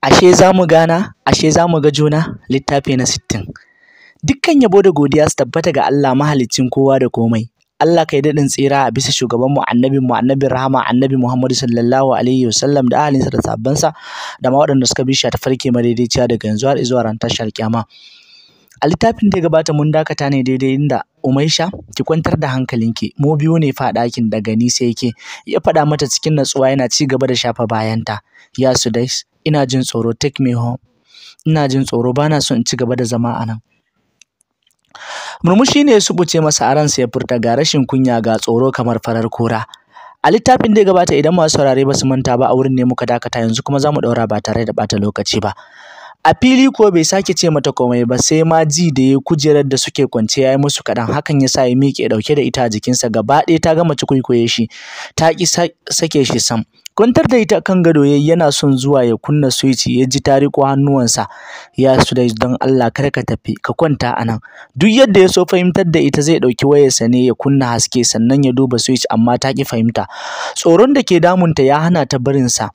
Ashe za mu gana, ashe za mu ga juna, littafi na sittin. Dukkan yabo da godiya su tabbata ga Allah mahalicin kowa da komai. Allah kai daɗin tsira a bisa shugabanmu mu, annabin rahama annabi Muhammadu sallallahu alaihi wasallam da ahalinsa da sabbansa da ma waɗanda suka bi shi ta farke madaidaiciya daga yanzu har zuwa ran tashar kyama. A littafin da ya gabata mun dakata ne daidai inda Umaisha ki kwantar da hankalinki mu biyu ne fa ɗakin daga ni sai ke ya faɗa mata cikin natsuwa yana ci gaba da shafa bayanta. Ya su dais ina jin tsoro take me home ina jin tsoro bana so in ci gaba da zama a nan murmushi ne su buce masa a ransa ya furta ga rashin kunya ga tsoro kamar farar kura a littafin da gabata idan masu saurare ba su manta ba a wurin ne muka dakata yanzu kuma za mu ɗaura ba tare da bata lokaci ba a fili ko bai sake ce mata komai ba sai ma ji da ya kujerar da suke kwance ya yi musu kaɗan hakan ya sa ya miƙe ɗauke da ita a jikinsa gaba ɗaya ta gama cikwaikwaye shi ta ƙi sake shi sam Kwantar da ita kan gado yayi yana son zuwa ya kunna switch ya ji tariko hannuwansa. Ya Sudais don Allah kar ka tafi ka kwanta anan, Duk yadda ya so fahimtar da ita zai ɗauki wayarsa ne ya kunna haske sannan ya duba switch amma ta ki fahimta. Tsoron da ke damunta ya hana ta barinsa.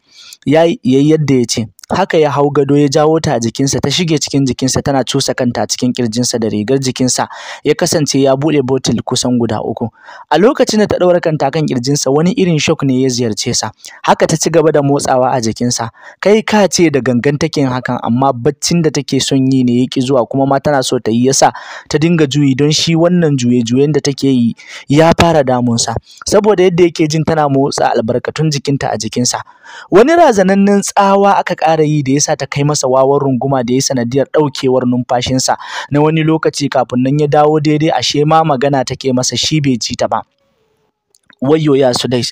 Ya yi yadda ya ce. haka ya hau gado ya jawo ta a jikinsa ta shige cikin jikinsa tana cusa kanta a cikin kirjinsa da rigar jikinsa ya kasance ya buɗe botul kusan guda uku a lokacin da ta ɗaura kanta kan kirjinsa wani irin shock ne ya ziyarce sa haka ta ci gaba da motsawa a jikinsa kai ka ce da gangan take hakan amma baccin da take son yi ne yaki zuwa kuma ma tana so ta yi yasa ta dinga juyi don shi wannan juye-juyen da take yi ya fara damunsa saboda yadda yake jin tana motsa albarkatun jikinta a jikinsa wani razanannen tsawa aka ƙara Yanayi da yasa ta kai masa wawan runguma da ya sanadiyar ɗaukewar numfashinsa na wani lokaci kafin nan ya dawo daidai ashe ma magana take masa shi bai ji ta ba. Wayyo ya dai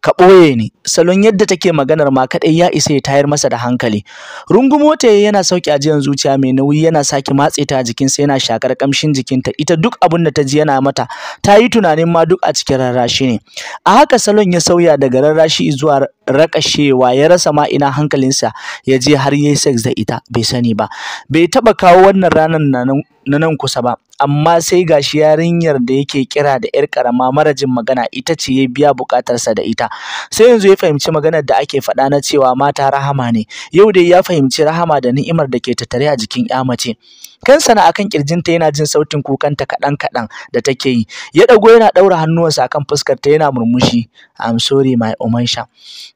ka ɓoye ni salon yadda take maganar ma kaɗai ya isa ya tayar masa da hankali rungumo ta yana sauki ajiyar zuciya mai nauyi yana sake matse ta a jikinsa yana shakar kamshin jikinta ita duk abin da ta ji yana mata ta yi tunanin ma duk a cikin rarrashi ne a haka salon ya sauya daga rarrashi zuwa rakashewa ya rasa ma ina hankalinsa ya je har yayi sex da ita bai sani ba bai taba kawo wannan ranar na nan kusa ba amma sai gashi yarinyar da yake kira da yar karama marajin magana ita ce ya biya bukatarsa da ita sai yanzu ya fahimci maganar da ake faɗa na cewa mata rahama ne yau dai ya fahimci rahama da ni'imar da ke tattare a jikin ƴa mace kansana na akan kirjinta yana jin sautin kukanta kaɗan kaɗan da take yi ya ɗago yana ɗaura hannuwansa akan fuskarta yana murmushi I'm sorry my Umaisha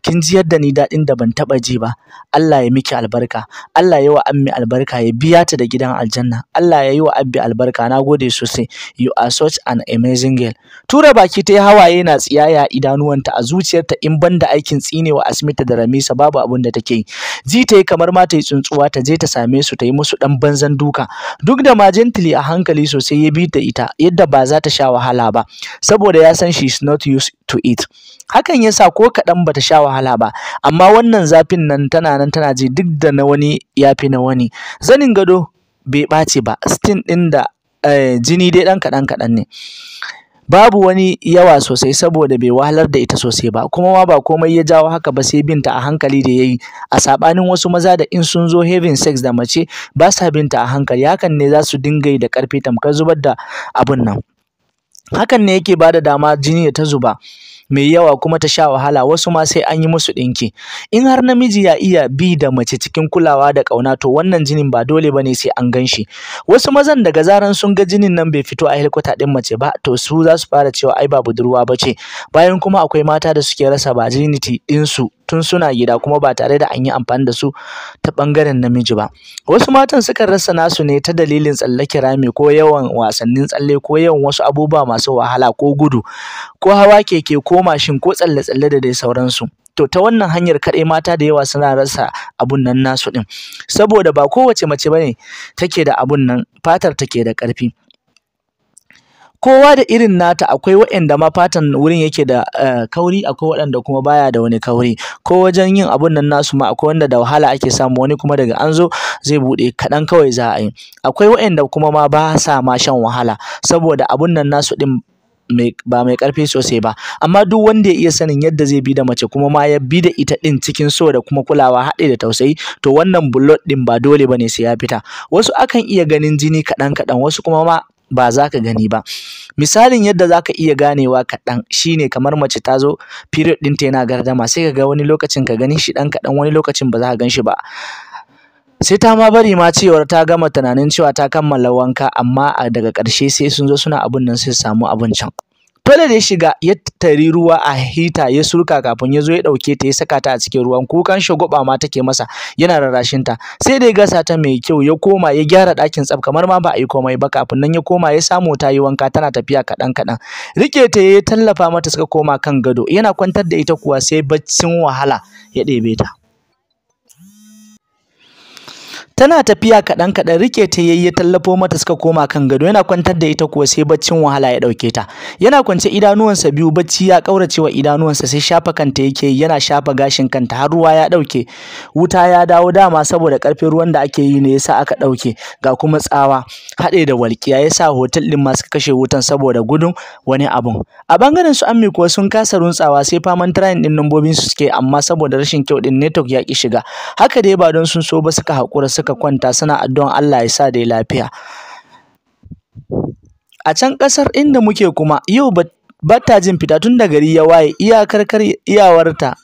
kin ji yadda ni daɗin da ban taɓa ji ba Allah ya miki albarka Allah ya wa ammi albarka ya biya ta da gidan aljanna Allah ya yi wa abbi albarka na gode sosai you are such an amazing girl tura baki ta yi hawaye na tsiyaya idanuwanta a zuciyarta in banda aikin tsinewa asmita da ramisa babu abin da take yi ji ta yi kamar ma ta yi tsuntsuwa ta je ta same su ta yi musu ɗan banzan duka duk da ma gently a hankali sosai ya bi ta ita yadda ba za ta sha wahala ba saboda ya san she is not used to it hakan ya sa ko kaɗan ta sha wahala ba amma wannan zafin nan tana nan tana ji duk da na wani ya fi na wani zanin gado bai ɓaci ba stin ɗin da eh, jini dai ɗan kaɗan kaɗan ne babu wani yawa sosai saboda bai wahalar da ita sosai ba kuma ma ba komai ya jawo haka ba sai binta a hankali da yayi a sabanin wasu maza da in sun zo heaven sex da mace ba sa binta a hankali hakan ne za su dinga yi da karfi tamkar zubar da abun nan hakan ne yake bada dama jini ya ta zuba mai yawa kuma ta sha wahala wasu ma sai an yi musu ɗinki in har namiji ya iya bi da mace cikin kulawa da ƙauna to wannan jinin ba dole ba ne sai an gan shi wasu mazan daga zaran sun ga jinin nan bai fito a helikwata ɗin mace ba to su za su fara cewa ai ba budurwa ba ce bayan kuma akwai mata da suke rasa virginity ɗinsu tun suna gida kuma ba tare da an yi amfani da su ta ɓangaren namiji ba wasu matan sukan rasa nasu ne ta dalilin tsalle kirami ko yawan wasannin tsalle ko yawan wasu abubuwa masu wahala ko gudu ko hawa keke ko mashin ko tsalle-tsalle da dai sauransu to ta wannan hanyar kaɗai mata da yawa suna rasa abun nan nasu ɗin saboda ba kowace mace bane take da abun nan fatar take da ƙarfi kowa da irin nata akwai waɗanda ma fatan wurin yake da eh, kauri akwai waɗanda kuma baya da wani kauri ko wajen yin abun nan nasu ma akwai wanda da wahala ake samu wani kuma daga an zo zai buɗe kaɗan kawai za a yi akwai waɗanda kuma ma ba sa ma shan wahala saboda abun nan nasu ɗin ba mai karfi sosai ba amma duk wanda ya iya sanin yadda zai bi da mace kuma ma ya bi da ita din cikin so da kuma kulawa haɗe da tausayi to wannan bullet din ba dole ne sai ya fita wasu akan iya ganin jini kaɗan kaɗan wasu kuma ma ba za ka gani ba misalin yadda za ka iya ganewa kaɗan shine kamar mace ta zo period ɗinta yana gardama sai ka ga wani lokacin ka gani shi ɗan kaɗan wani lokacin ba za ka gan shi ba sai ta ma bari ma cewar ta gama tunanin cewa ta kammala wanka amma daga ƙarshe sai sun zo suna abun nan sai su samu abun can da ya shiga ya tari ruwa a hita ya surka kafin ya zo ya ɗauke ta ya saka ta a cikin ruwan kukan shagwaɓa ma take masa yana rarrashin ta sai da ya gasa ta mai kyau ya koma ya gyara ɗakin tsaf kamar ma ba a yi komai ba kafin nan ya koma ya samu ta yi wanka tana tafiya kaɗan kaɗan rike ta ya tallafa mata suka koma kan gado yana kwantar da ita kuwa sai baccin wahala ya ɗebe ta. tana tafiya kaɗan kaɗan rike ta yayi ya tallafo mata suka koma kan gado yana kwantar da ita kuwa sai baccin wahala ya ɗauke ta yana kwance idanuwansa biyu bacci ya ƙaurace wa idanuwansa sai shafa kanta yake yana shafa gashin kanta har ruwa ya ɗauke wuta ya dawo dama saboda ƙarfin ruwan da ake yi ne yasa aka ɗauke ga kuma tsawa haɗe da walƙiya yasa hotel ɗin ma suka kashe wutan saboda gudun wani abun a bangaren su ammi kuwa sun kasa runtsawa sai faman trying ɗin lambobin su suke amma saboda rashin kyau ɗin network ya ƙi shiga haka dai ba don sun so ba suka haƙura suka suka kwanta suna addu'an Allah ya sa dai lafiya a can ƙasar inda muke kuma yau ba jin fita tun da gari ya waye iyakar iyawarta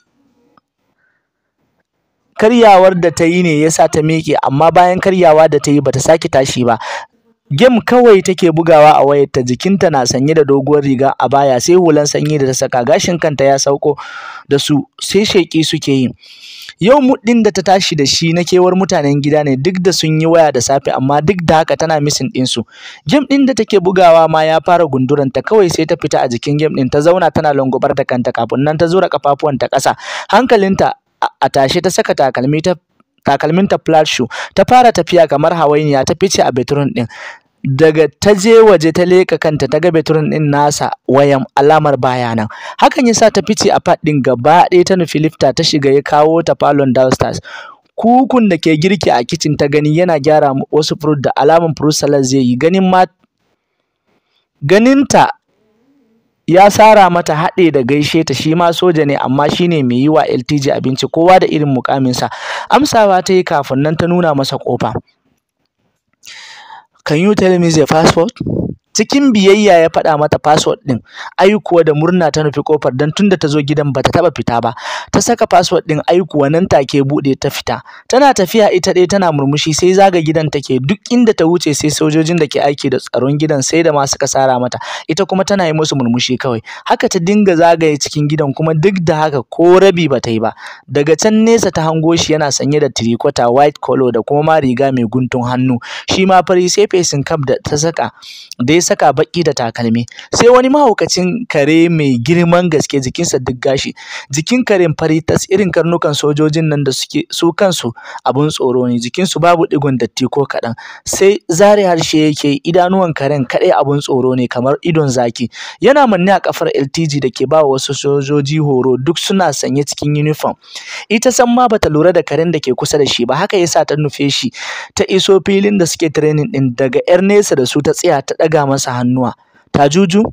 karyawar da ta yi ne ya sa ta miƙe amma bayan karyawa da ta yi ba ta sake tashi ba Gem kawai take bugawa a wayarta jikinta na sanye da doguwar riga a baya sai hulan sanyi da ta saka gashin kanta ya sauko da su sai sheƙi suke yi yau muɗin da ta tashi da shi na kewar mutanen gida ne duk da sun yi waya da safe amma duk da haka tana misin ɗinsu game ɗin da take bugawa ma ya fara gunduranta kawai sai ta fita a jikin game ɗin ta zauna tana longobar da kanta kafin nan ta zura kafafuwanta ƙasa hankalinta a tashe ta saka takalmin ta takalminta flat shoe ta fara tafiya kamar hawainiya ta fice a bedroom ɗin. daga ta je waje ta leka kanta ta ga beturin din nasa wayan alamar baya nan hakan yasa ta fice a faɗin gaba ɗaya ta nufi lifta ta shiga ya kawo ta falon downstairs kukun da ke girki a kicin ta gani yana gyara wasu furut da alamar furut salad zai yi ganin ma ganinta ya sara mata haɗe da gaishe ta shi ma soja ne amma shi ne mai yi wa ltg abinci kowa da irin mukaminsa amsawa ta yi kafin nan ta nuna masa ƙofa can you tell me the password cikin biyayya ya faɗa mata password ɗin ai kuwa da murna ta nufi ƙofar don tunda ta zo gidan ba ta taɓa fita ba ta saka password ɗin aikuwa nan take bude ta fita tana tafiya ita ɗaya tana murmushi sai zaga gidan take duk inda ta wuce sai sojojin da ke aiki da tsaron gidan sai da masu suka mata ita kuma tana yi musu murmushi kawai haka ta dinga zagaye cikin gidan kuma duk da haka ko rabi ba ta yi ba daga can nesa ta hango shi yana sanye da tirikota white collar da kuma ma riga mai guntun hannu shi ma fari sai facing cap da ta saka da ya saka baki da takalmi sai wani mahaukacin kare mai girman gaske jikinsa duk gashi jikin karen fari tas irin karnukan sojojin nan da suke su kansu abun tsoro ne jikinsu babu digon datti ko kaɗan sai zare harshe yake idanuwan karen kaɗai abun tsoro ne kamar idon zaki yana manne a kafar LTG da ke ba wasu sojoji horo duk suna sanye cikin uniform ita san ma bata lura da karen da ke kusa da shi ba haka yasa ta nufe shi ta iso filin da suke training din daga yar nesa da su ta tsaya ta ɗaga masa hannuwa ta juju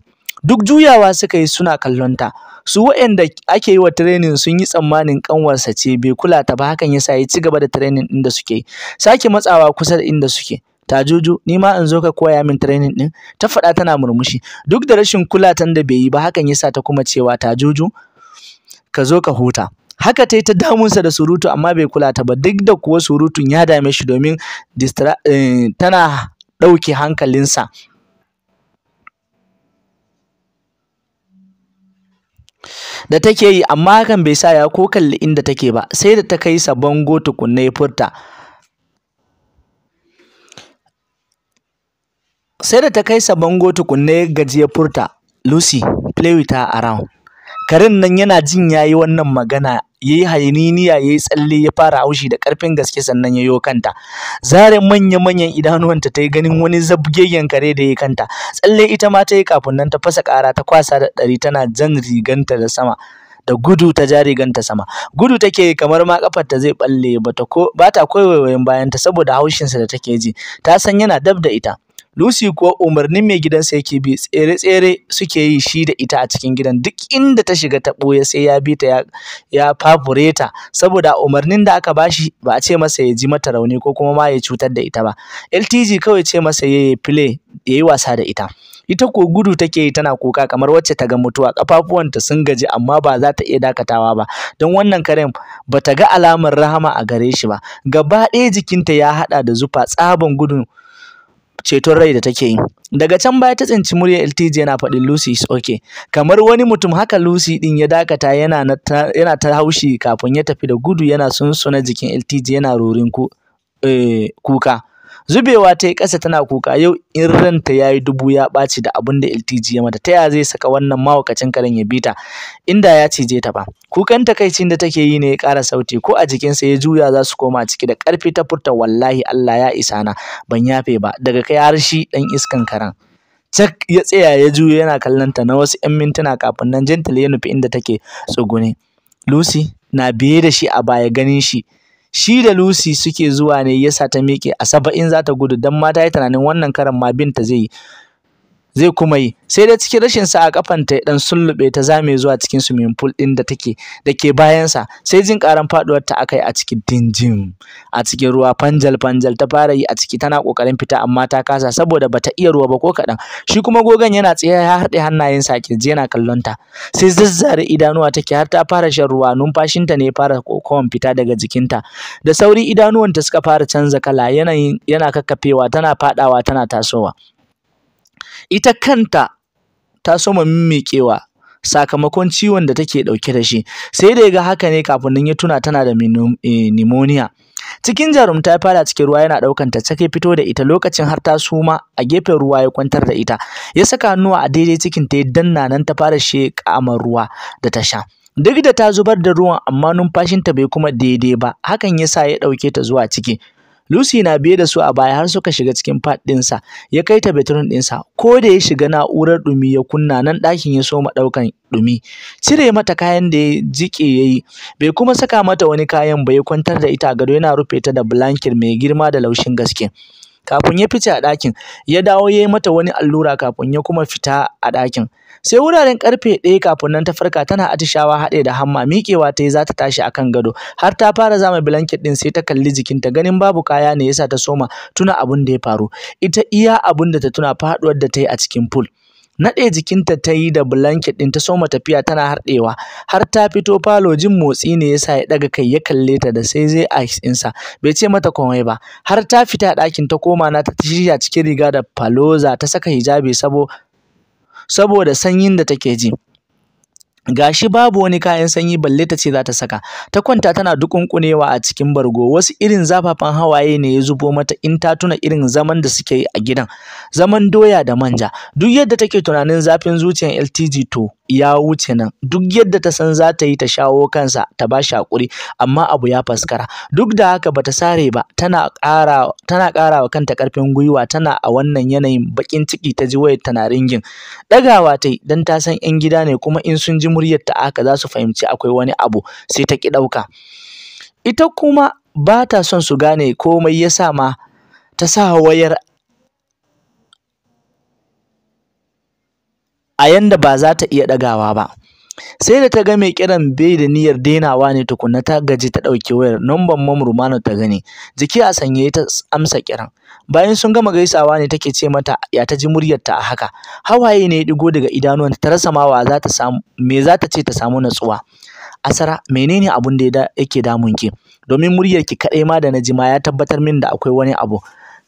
duk juyawa suka yi suna kallonta su waɗanda ake yi wa tirenin sun yi tsammanin kanwarsa ce bai kula ta ba hakan yasa ya ci gaba da training ɗin da suke sake matsawa kusa da inda suke ta tajuju ni ma in zo ka koya min training din ta faɗa tana murmushi duk da rashin kulatan da bai yi ba hakan yasa ta kuma cewa ta tajuju ka zo ka huta haka ta yi ta damunsa da surutu amma bai kula ta ba duk da kuwa surutun ya dame shi domin eh, tana ɗauke hankalinsa da take yi amma hakan bai sa ya ko kalli inda take ba sai da ta kai sa bango tukunne ya furta sai da ta kai sa bango tukunna furta Lucy play with her around Karin nan yana jin yayi wannan magana ya yi hayaniniya ya yi tsalle ya fara haushi da ƙarfin gaske sannan ya yo kanta zare manya-manyan idanuwanta ta yi ganin wani zabgegen kare da ya yi kanta tsalle ita ma ta yi kafin nan ta fasa ƙara ta kwasa da ɗari tana jan riganta da sama da gudu ta ja riganta sama gudu take kamar ma ta zai balle bata ko bata koyewayen bayanta saboda haushinsa da take ji ta san yana dab da ita Lucy kuwa umarnin mai gidansa yake bi tsere-tsere suke yi shi da ita a cikin gidan duk inda ta shiga ta ɓoye sai ya bi ta ya fafure ta saboda umarnin da aka bashi ba a ce masa ya ji mata rauni ko kuma ma ya cutar da ita ba. LTG kawai ce masa ya yi fule ya yi wasa da ita. Ita ko gudu take yi tana kuka kamar wacce ta ga mutuwa ƙafafuwanta sun gaji amma ba za ta iya dakatawa ba don wannan karen ba ta ga alamar rahama a gare shi ba gaba ɗaya jikinta ya haɗa da zufa tsaban gudun ceton rai da take yi daga can baya ta tsinci muryar LTJ yana faɗin Lucy is okay kamar wani mutum haka Lucy ɗin ya dakata yana ta, yana ta haushi kafin ya tafi da gudu yana sunsuna jikin LTJ yana rorin ku eh, kuka Zubewa ta yi ƙasa tana kuka yau in ranta ya yi dubu ya ɓaci da abin da LTG ya mata ta zai saka wannan mawakacin karen ya bita, inda ya cije ta ba. Kukan takaicin da take yi ne ya ƙara sauti ko a jikinsa ya juya za su koma ciki da ƙarfi ta furta wallahi Allah ya isa na ban yafe ba daga kai har shi ɗan iskan karen. cak ya tsaya ya juya yana kallon ta na wasu 'yan mintuna kafin nan Gentle ya nufi inda take tsuguni. Lucy na biye da shi a baya ganin shi shi da Lucy suke zuwa ne yasa ta miƙe a saba'in za ta gudu don ma ta yi tunanin wannan karan ma binta zai yi zai kuma yi sai dai cikin rashin sa a kafan ya dan sullube ta zame zuwa cikin swimming pool din da take da ke bayansa sai jin karan faduwar ta akai a cikin dinjin a cikin ruwa fanjal panjal ta fara yi a ciki tana kokarin fita amma ta kasa saboda bata iya ruwa ba ko kadan shi kuma gogon yana tsaye ya haɗe hannayen sa kirji yana kallon ta sai zazzare idanuwa take har ta fara shan ruwa numfashin ta ne fara kokawan fita daga jikinta da sauri idanuwan ta suka fara canza kala yanayin yana kakkafewa tana fadawa tana tasowa ita kanta ta soma mimmiƙewa sakamakon ciwon da take ɗauke da shi sai da ya ga haka ne kafin nan ya tuna tana da eh, pneumonia cikin jarumta ya fara cikin ruwa yana ɗaukan ta fito da ita lokacin har ta suma a gefen ruwa ya kwantar da ita ya saka hannuwa a daidai cikin ta ya danna nan ta fara kamar ruwa da ta sha duk da ta zubar da ruwan amma numfashinta bai kuma daidai ba hakan yasa ya ɗauke ta zuwa ciki Lucy na biye da su a baya har suka shiga cikin fat ɗinsa, ya kai ta bedroom ɗinsa, ko da ya shiga na'urar ɗumi ya kunna nan ɗakin ya soma ɗaukan ɗumi. Cire mata kayan da ya jike yayi bai kuma saka mata wani kayan ba ya kwantar da ita gado yana rufe ta da blanket mai girma da laushin gaske. Kafin ya fice a ɗakin, ya dawo ya yi mata wani allura kafin ya kuma fita a ɗakin. sai wuraren karfe ɗaya kafin nan ta farka tana atishawa haɗe da hamma miƙewa ta yi za ta tashi akan gado har ta fara zama blanket ɗin sai ta kalli jikinta ganin babu kaya ne yasa ta soma tuna abin da ya faru ita iya abin da ta tuna faɗuwar da ta yi a cikin pool naɗe jikinta ta yi da blanket ɗin ta soma tafiya tana harɗewa har ta fito falo jin motsi ne yasa ya ɗaga kai ya kalle ta da sai zai a ɗinsa bai ce mata komai ba har ta fita ɗakin ta koma na ta shirya cikin riga da faloza ta saka hijabi sabo saboda sanyin da take ji gashi babu wani kayan sanyi balle ta ce za ta saka ta kwanta tana dukunkunewa a cikin bargo wasu irin zafafan hawaye ne ya zubo mata in ta tuna irin zaman da suke yi a gidan zaman doya da manja duk yadda take tunanin zafin zuciyar LTG to ya wuce nan duk yadda ta san za ta yi ta shawo kansa ta ba shi haƙuri amma abu ya faskara duk da haka bata sare ba tana ƙara tana ƙara wa kanta ƙarfin gwiwa tana a wannan yanayin baƙin ciki ta ji wayar tana ringin ɗagawa ta yi don ta san 'yan gida ne kuma in sun ji muryar ta haka za su fahimci akwai wani abu sai ta ki ɗauka ita kuma ba ta son su gane komai ya sa ma ta sa wayar a yanda ba za ta iya ɗagawa ba. Sai da ta ga mai kiran bai da niyyar dainawa ne tukunna ta gaji ta ɗauki wayar numban Mam Rumana ta gani. Jiki a sanye ta amsa kiran. Bayan sun gama gaisawa ne take ce mata ya ta ji muryarta a haka. Hawaye ne ya ɗigo daga idanuwan ta rasa ma wa za samu me zata ce ta samu natsuwa. Asara menene abun da yake damun ki? Domin muryarki kaɗai ma da na ji ma ya tabbatar min da akwai wani abu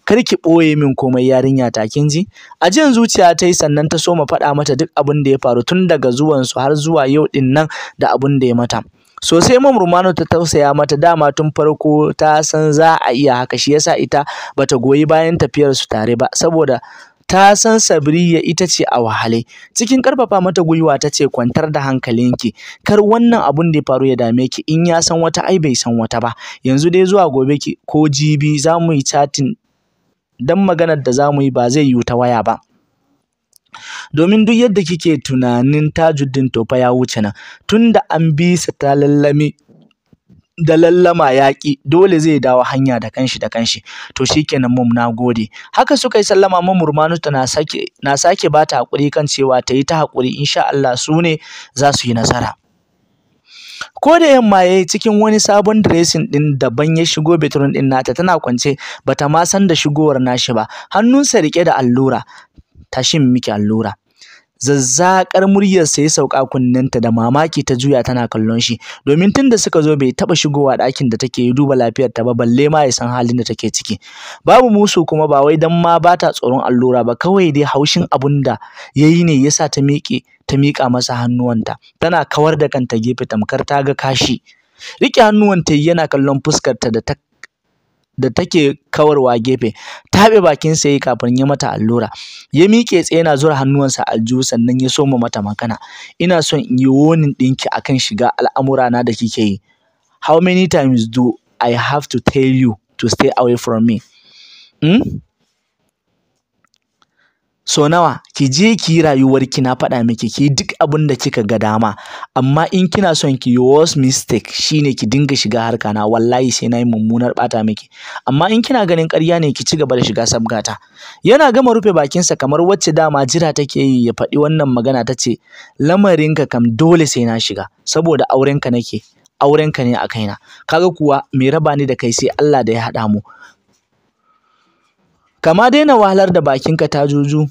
kar ki ɓoye min komai yarinya ta kin ji ajiyan zuciya ta yi sannan ta so soma faɗa mata duk abin da ya faru tun daga zuwansu har zuwa yau ɗin nan da abin da ya mata sosai mam rumano ta tausaya mata dama tun farko ta san za a iya haka shi yasa ita bata goyi bayan tafiyar su tare ba saboda ta san sabriya ita ce a wahale cikin karfafa mata gwiwa ta ce kwantar da hankalinki kar wannan abun da ya faru ya dame ki in ya san wata ai bai san wata ba yanzu dai zuwa gobe ki ko jibi za mu yi chatting dan maganar da zamu yi ba zai yi ta waya ba domin duk yadda kike tunanin tajuddin to ya wuce nan tunda an bi sa ta lallame da lallama yaƙi dole zai dawo hanya da kanshi da kanshi to shikenan mum gode. haka suka yi sallama mum murmanu ta na sake na sake bata hakuri kan cewa ta yi ta hakuri insha Allah su ne za su yi nasara ko da yamma yayi cikin wani sabon dressing din daban ya shigo bedroom din nata tana kwance bata ma san da shigowar nashi ba hannunsa rike da allura tashin miki allura zazzakar muryarsa ya sauka kunninta da mamaki ta juya tana kallon shi domin tunda suka zo bai taba shigowa ɗakin da take yi duba lafiyar ta ba balle ma ya san halin da take ciki babu musu kuma ba wai dan ma bata tsoron allura ba kawai dai haushin abunda da yayi ne yasa ta miƙe ta miƙa masa hannuwanta tana kawar da kanta gefe tamkar ta ga kashi riƙe hannuwanta yana kallon fuskarta da ta da take kawarwa gefe Ta haɓe bakinsa yayi kafin ya mata allura ya miƙe tsaye yana zura hannuwansa aljihu sannan ya soma mata magana ina son in yi warning ɗinki akan shiga al'amura na da kike yi how many times do I have to tell you to stay away from me hmm? so nawa ki je ki yi rayuwar na faɗa miki ki duk abin da kika ga dama amma in kina son ki yi worst mistake shine ki dinga shiga harka na wallahi sai nayi mummunar bata miki amma in kina ganin ƙarya ne ki ci gaba da shiga sabgata yana gama rufe bakinsa kamar wacce dama jira take yi ya faɗi wannan magana ta ce ka kam dole sai na shiga saboda aurenka nake aurenka ne a kaina kaga kuwa me raba ni da kai sai Allah da ya haɗa mu kama daina wahalar da bakinka ta juju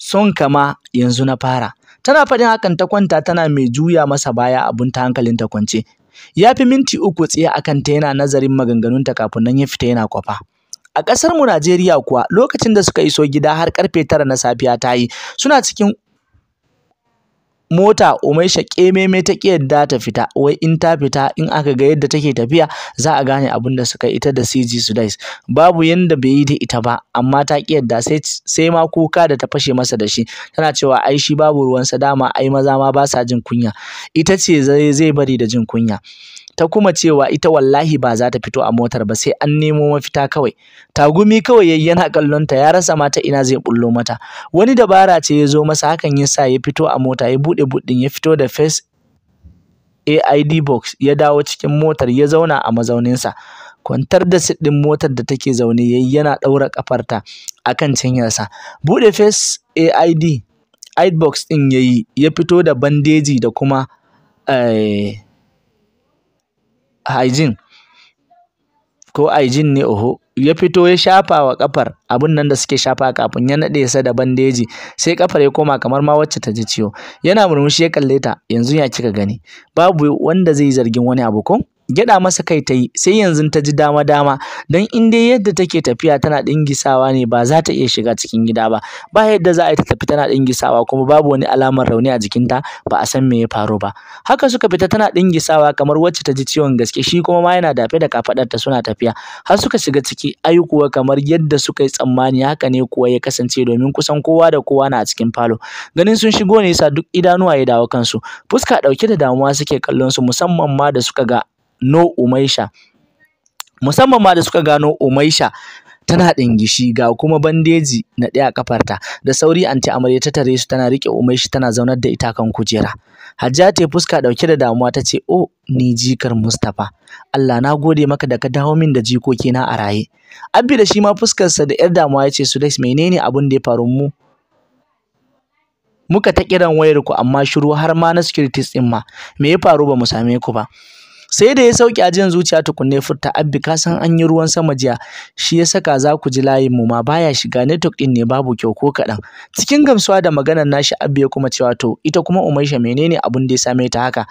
son kama yanzu na fara tana faɗin hakan ta kwanta tana mai juya masa baya abun ta hankalin ta kwance ya fi minti uku tsaye akan ta yana nazarin maganganunta kafin nan ya fita yana kwafa a ƙasar mu Najeriya kuwa lokacin da suka iso gida har karfe tara na safiya ta yi suna cikin mota umai ƙememe ta ƙi yadda ta fita wai in ta fita in aka ga yadda take tafiya za a gane abin da suka ita da CG Sudais babu yanda bai yi da ita ba amma ta ƙi yadda sai sai ma kuka da ta fashe masa da shi tana cewa ai shi babu ruwansa dama ai maza ma ba sa jin kunya ita ce zai bari da jin kunya ta kuma cewa ita wallahi ba za ta fito a motar ba sai an nemo mafita kawai tagumi kawai yayi yana kallon ta ya rasa mata ina zai bullo mata wani dabara ce ya zo masa hakan yasa ya fito a mota ya bude budin ya fito da face AID box ya dawo cikin motar ya zauna a mazauninsa kwantar da sit ɗin motar da take zaune yayi yana ɗaura ƙafarta akan cinyar sa buɗe face AID aid box ɗin yayi ya fito da bandeji da kuma eh, hygiene ko hygiene ne oho ya fito ya shafa wa kafar abun nan da suke shafa kafin ya nade sa da bandeji sai kafar ya koma kamar ma wacce ta ji ciwo yana murmushi ya kalle ta yanzu ya kika gani babu wanda zai zargin wani abu ko gyaɗa masa kai ta yi sai yanzu ta ji dama dama don in dai yadda take tafiya tana ɗingisawa ne ba za ta iya shiga cikin gida ba ba yadda za a yi ta tafi tana ɗingisawa kuma babu wani alamar rauni a jikinta ba a san me ya faru ba haka suka fita tana ɗingisawa kamar wacce ta ji ciwon gaske shi kuma ma yana dafe da kafaɗarta suna tafiya har suka shiga ciki ayi kuwa kamar yadda suka yi tsammani haka ne kuwa ya kasance domin kusan kowa da kowa na a cikin falo ganin sun shigo ne yasa duk idanuwa ya dawo kansu fuska ɗauke da damuwa suke kallon su musamman ma da suka ga no umaisha musamman ma da suka gano umaisha tana ɗingishi ga kuma bandeji na ɗaya kafarta da sauri anti amarya ta tare su tana riƙe umaishi tana zaunar da ita kan kujera hajja ta fuska ɗauke da damuwa ta ce oh ni jikar mustapha allah na gode maka da ka dawo min da jikokina a raye abbi da shi ma fuskarsa da yar damuwa ya ce sudais menene abin da ya faru mu muka ta kiran wayar ku amma shiru har ma na securities din ma me ya faru ba mu same ku ba sai da ya sauke ajiyan zuciya tukunne furta abbi ka san an yi ruwan sama jiya shi ya saka za ku ji layin mu ma baya shiga network din ne babu kyau ko kaɗan cikin gamsuwa da maganar nashi abbi ya kuma cewa to ita kuma umaisha menene abun da ya same ta haka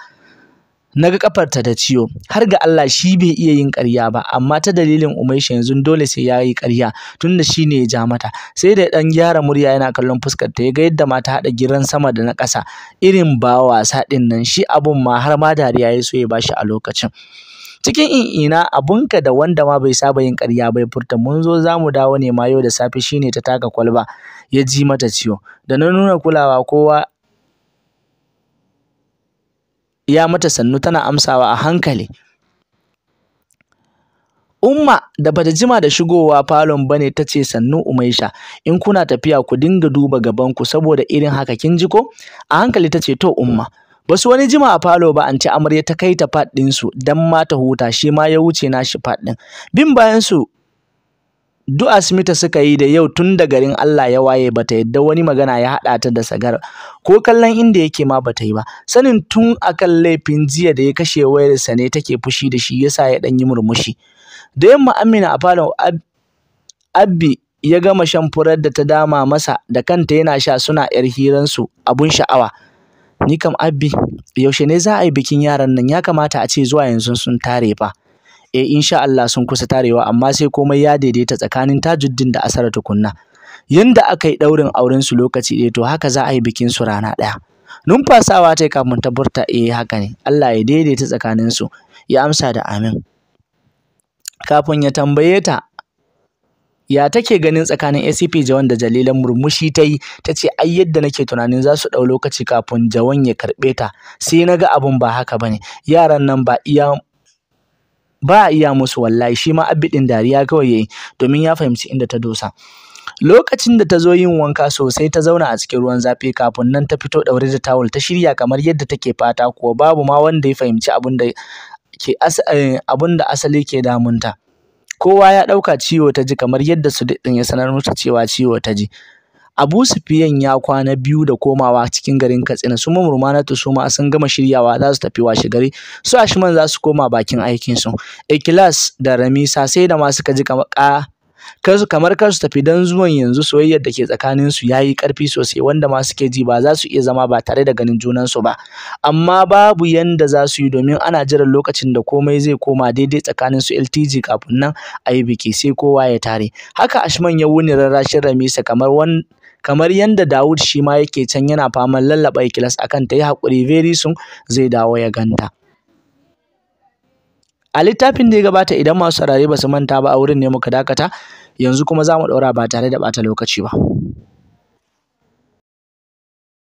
naga kafarta ta ciwo har ga Allah shi bai iya yin ƙarya ba amma ta dalilin Umaisha yanzu dole sai ya yi ƙarya tunda shi ne ya ja mata sai da ɗan gyara murya yana kallon fuskar ta yaga yadda mata haɗa giran sama da na ƙasa irin ba wasa din nan shi abun ma har ma dariya ya so ya shi a lokacin cikin in'ina abunka da wanda ma bai saba yin ƙarya bai furta mun zo za mu dawo ne ma yau da safe shine ta taka kwalba ya ji mata ciwo da na nuna kulawa kowa ya mata sannu tana amsawa a hankali Umma da bata jima da shigowa falon bane ta ce sannu Umaisha in kuna tafiya ku dinga duba gabanku saboda irin haka kin ji ko a hankali ta ce to Umma basu wani jima a falo ba an ci amarya ta kai ta fat din su dan ma ta huta shi ma ya wuce nashi faɗin din bin bayan su Du'a Smita suka yi da yau tun da garin Allah ya waye bata yadda wani magana ya haɗa ta da sagar ko kallon inda yake ma bata yi ba. Sanin tun akan laifin jiya da ya kashe wayarsa ne take fushi da shi yasa ya dan yi murmushi. Da yamma Amina a falon Abbi ya gama shan furar da ta dama masa da kanta yana sha suna ‘yar su abun sha'awa. Ni kam Abbi yaushe ne za a yi bikin yaran nan ya kamata a ce zuwa yanzu sun tare fa. eh insha Allah sun kusa tarewa amma sai komai ya daidaita tsakanin Tajuddin da Asara tukunna yanda aka yi ɗaurin auren su lokaci ɗaya to haka za a yi bikin su rana ɗaya numfasawa ta kafin ta furta eh haka ne Allah ya daidaita tsakanin su ya amsa da amin kafin ya tambaye ta ya take ganin tsakanin ACP Jawan da Jalilan murmushi ta yi ta ce ai yadda nake tunanin za su ɗau lokaci kafin Jawan ya karɓe ta sai na ga abun ba haka bane yaran nan ba iya ba a iya musu wallahi shi ma abidin dariya kawai yayi domin ya fahimci inda ta dosa lokacin da ta zo yin wanka sosai ta zauna a cikin ruwan zafi kafin nan ta fito daure da tawul ta shirya kamar yadda take fata kuwa babu ma wanda ya fahimci abin da ke eh, abin da asali ke damunta kowa ya ɗauka ciwo ta ji kamar yadda su ɗin ya sanar musu cewa ciwo ta ji Abu Fiyan ya kwana biyu da komawa cikin garin Katsina, su ma Murmanatu su ma sun gama shiryawa za su tafi gari su Ashman za su koma bakin aikinsu. Ikilas da Ramisa sai da kaji kamar ka kansu kamar kar tafi dan zuwan yanzu soyayyar da ke tsakaninsu su yayi karfi sosai wanda ma suke ji ba za su iya zama ba tare da ganin junansu ba amma babu yanda za su yi domin ana jiran lokacin da komai zai koma daidai tsakanin su LTG kafin nan a yi biki sai kowa ya tare haka Ashman ya wuni rarrashin Ramisa kamar wani. kamar yadda Dawud shi ma yake can yana faman lallaɓa Ikilas kan ta yi haƙuri very soon zai dawo ya ganta. A littafin da ya gabata idan masu saurare ba su manta ba a wurin ne muka dakata yanzu kuma za mu ɗaura ba tare da ɓata lokaci ba.